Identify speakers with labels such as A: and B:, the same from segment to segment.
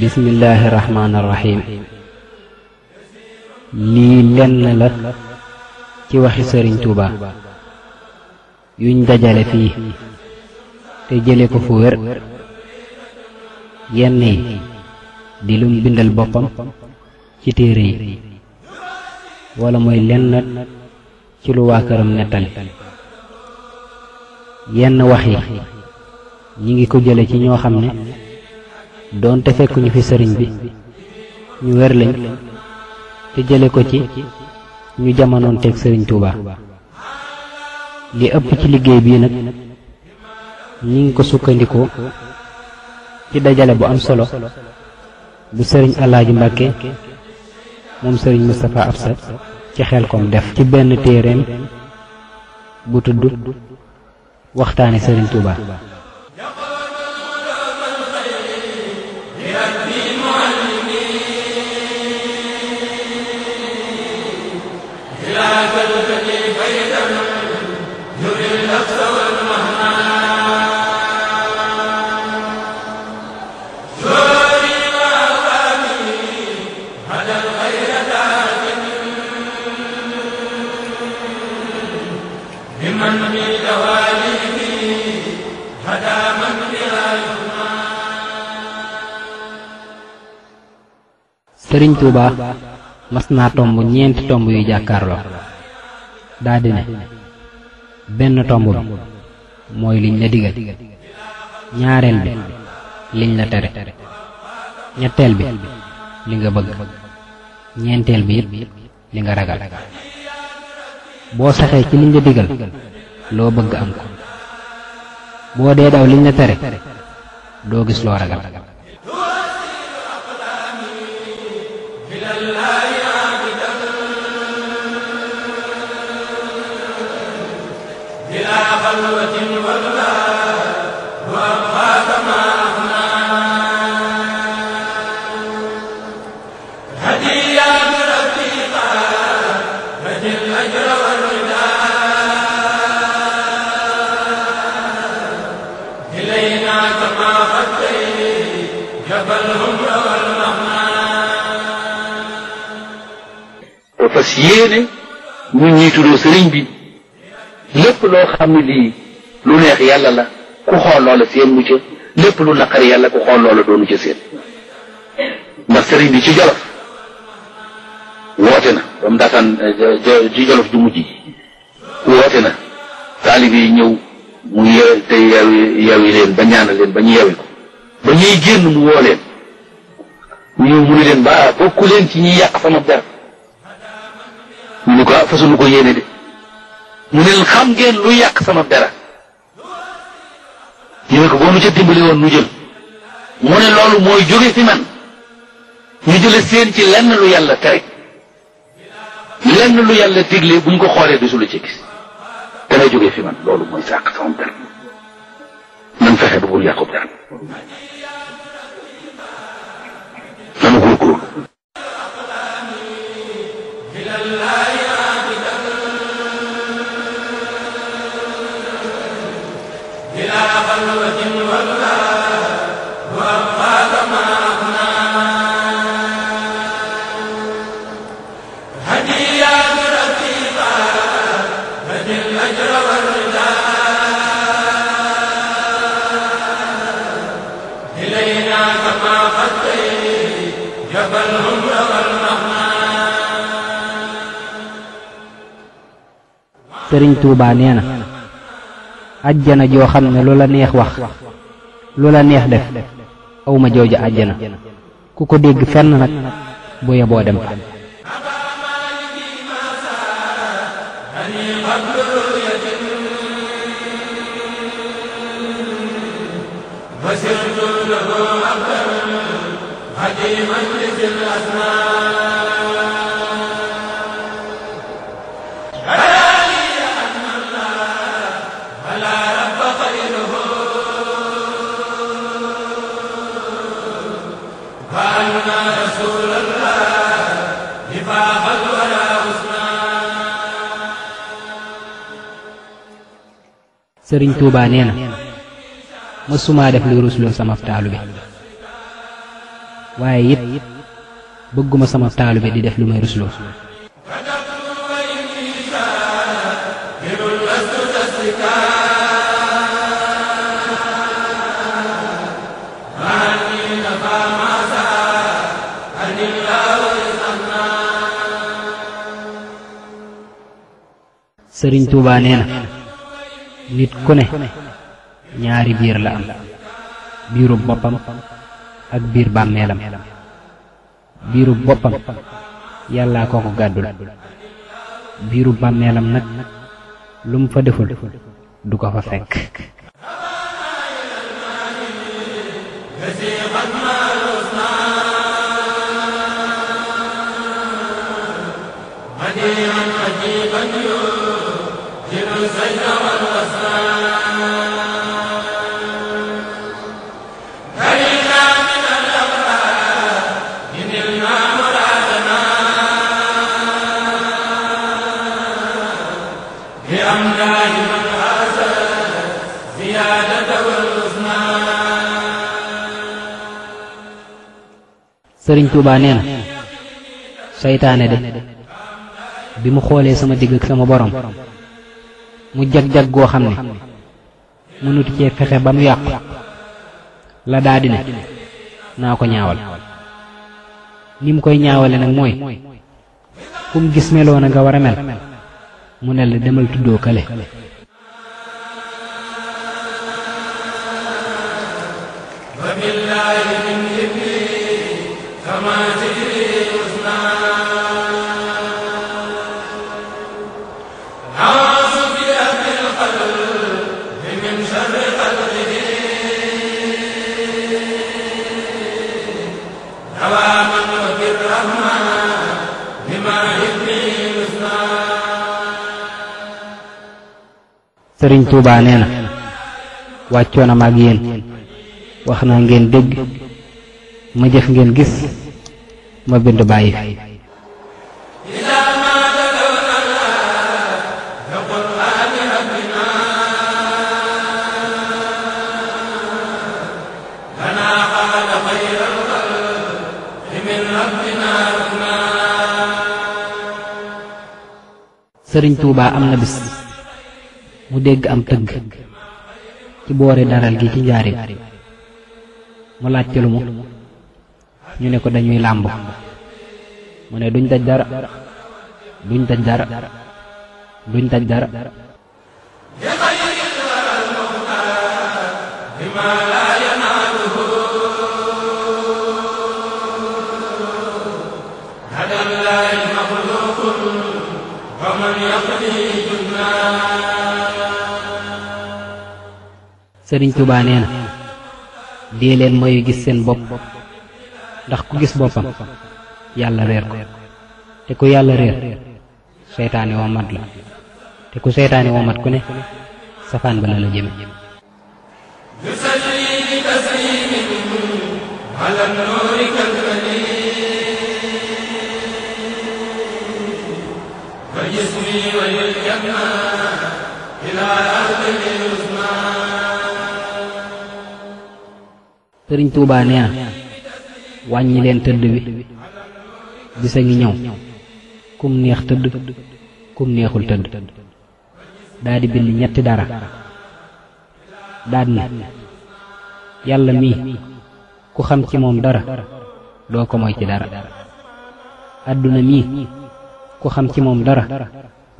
A: bismillaahi rahmaani rahiim lii lenn la ci waxi sëriñ Tuuba yuñ dajale fii te jële ko fu wér yenn yi di lum bindal boppam ci téere yi wala mooy lenn ci lu waa këram nettali yenn wax yi ñi ngi ko jële ci ñoo xam ne doonte fekkuñu fi sëriñ bi ñu wér lañ te jële ko ci ñu jamonoon teeg sëriñ Touba. li ëpp ci liggéey bii nag ñu ngi ko sukkandikoo ci dajale bu am solo bu sëriñ Alaaji Mbàkke moom sëriñ ab Absa ci xel kom def ci benn téereem bu tudd waxtaane sëriñ Touba. serigne touba masna naa tomb ñeenti tomb yu jàkkaarloo daadi ne ben tomb moy liñ la digal ñaarel bi liñ la tere ñettel bi li nga bëgg ñentel bi li nga ragal bo saxé ci liñ la digal lo bëgg am ko bo dé daw liñ la tere do gis lo ragal fas yéene ñu ñuy tuddoo sëriñ bi lépp loo xam ni lii lu neex yàlla la ku xool loola seen mu ca lépp lu naqari yàlla ku xool loola doonu ca seen ndax sëriñ bi ci jolof woote na ba mu daataan ci eh, jolof ju mujj ji woote na taalib yi ñëw mu yew te yew yewi leen ba ñaanal leen ba ñu yewi ko ba ñuy génn mu woo leen ñu mu ne leen ba bokku leen ci ñuy yàq sama der ñu ne ko ah, fasuñu ko yéene de mu ne xam ngeen lu yàq sama dara ñu ne ko boo nu ca dimbali woon nu jël mu ne loolu mooy jóge fi man ñu jële seen ci lenn lu yàlla tere lenn lu yàlla digle buñ ko xoolee du su lu ci gis dana jóge fi man loolu mooy sàq sama dara nan fexe ba bul yàqu dara sëriñ tuuba neena aljana jo xamne lula neex wax lula neex def awma jojo aljana kuko deg dégg fenn nag bu yeboo dem fa وسرت له أبدا عجيما في الأسماء serigne touba neena na mësuma def li rusloo sama talube waye yit bëgguma sama talube di def lu may rusloo nit ku ne ñaari biir la am biiru boppam ak biir bàmmeelam biiru boppam yàlla ko ko gàddul biiru bàmmeelam nag lum fa deful du ko fa fekk الزين والوفاء هلنا من الأبرار نلنا مرادنا بأمناء من هذا زيادة والغفنا Sëriñ Tuubaa nee na seytaane de bi mu jag-jag goo xam ne mënut cee fexe ba mu yàqu la daa di ne naa ko ñaawal ni mu koy ñaawale nag mooy kum gis meloo na nga war a mel mu ne la demal tuddoo kale وبالله من sëriñ tuuba wacu na wàccoona maag yéen wax naa ngeen deg ma jëf ngeen gis ma bind baye sëriñ tuuba am mu dégg am tëgg ci boore daral gi ci njaarim mu laajte lu mu ñu ne ko dañuy làmb mu ne duñ daj dara duñ daj dara duñ daj dara ومن يقضي serigne Touba neena na len leen mayu gis sen bop ndax ku gis bopam yalla réer ko te ku yàlla setané wo mat la te ku setané wo mat ku ne safan bala la la jëme على النور كالبليل فجسمي إلى أرض الإنسان sëriñ Touba nee na wàññi leen tëdd bi bis a ngi ñëw kum neex tëdd kum neexul tëdd
B: daa di bind ñetti dara
A: daad na yàlla mii ku xam ci moom dara doo ko moy ci dara àdduna mii ku xam ci moom dara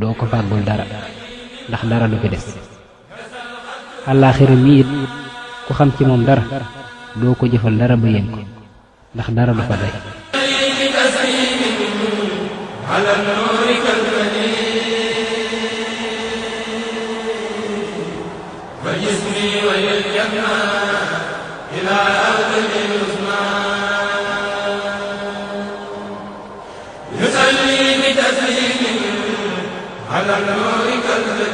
A: doo ko fàggul dara ndax dara du fi des àllaaxira mii it ku xam ci moom dara doo ko jëfal dara ba yéen ko ndax dara du fa day فجسمي ويلجأنا إلى أرض اليسمى يصلي بتسليم على النور كالبدر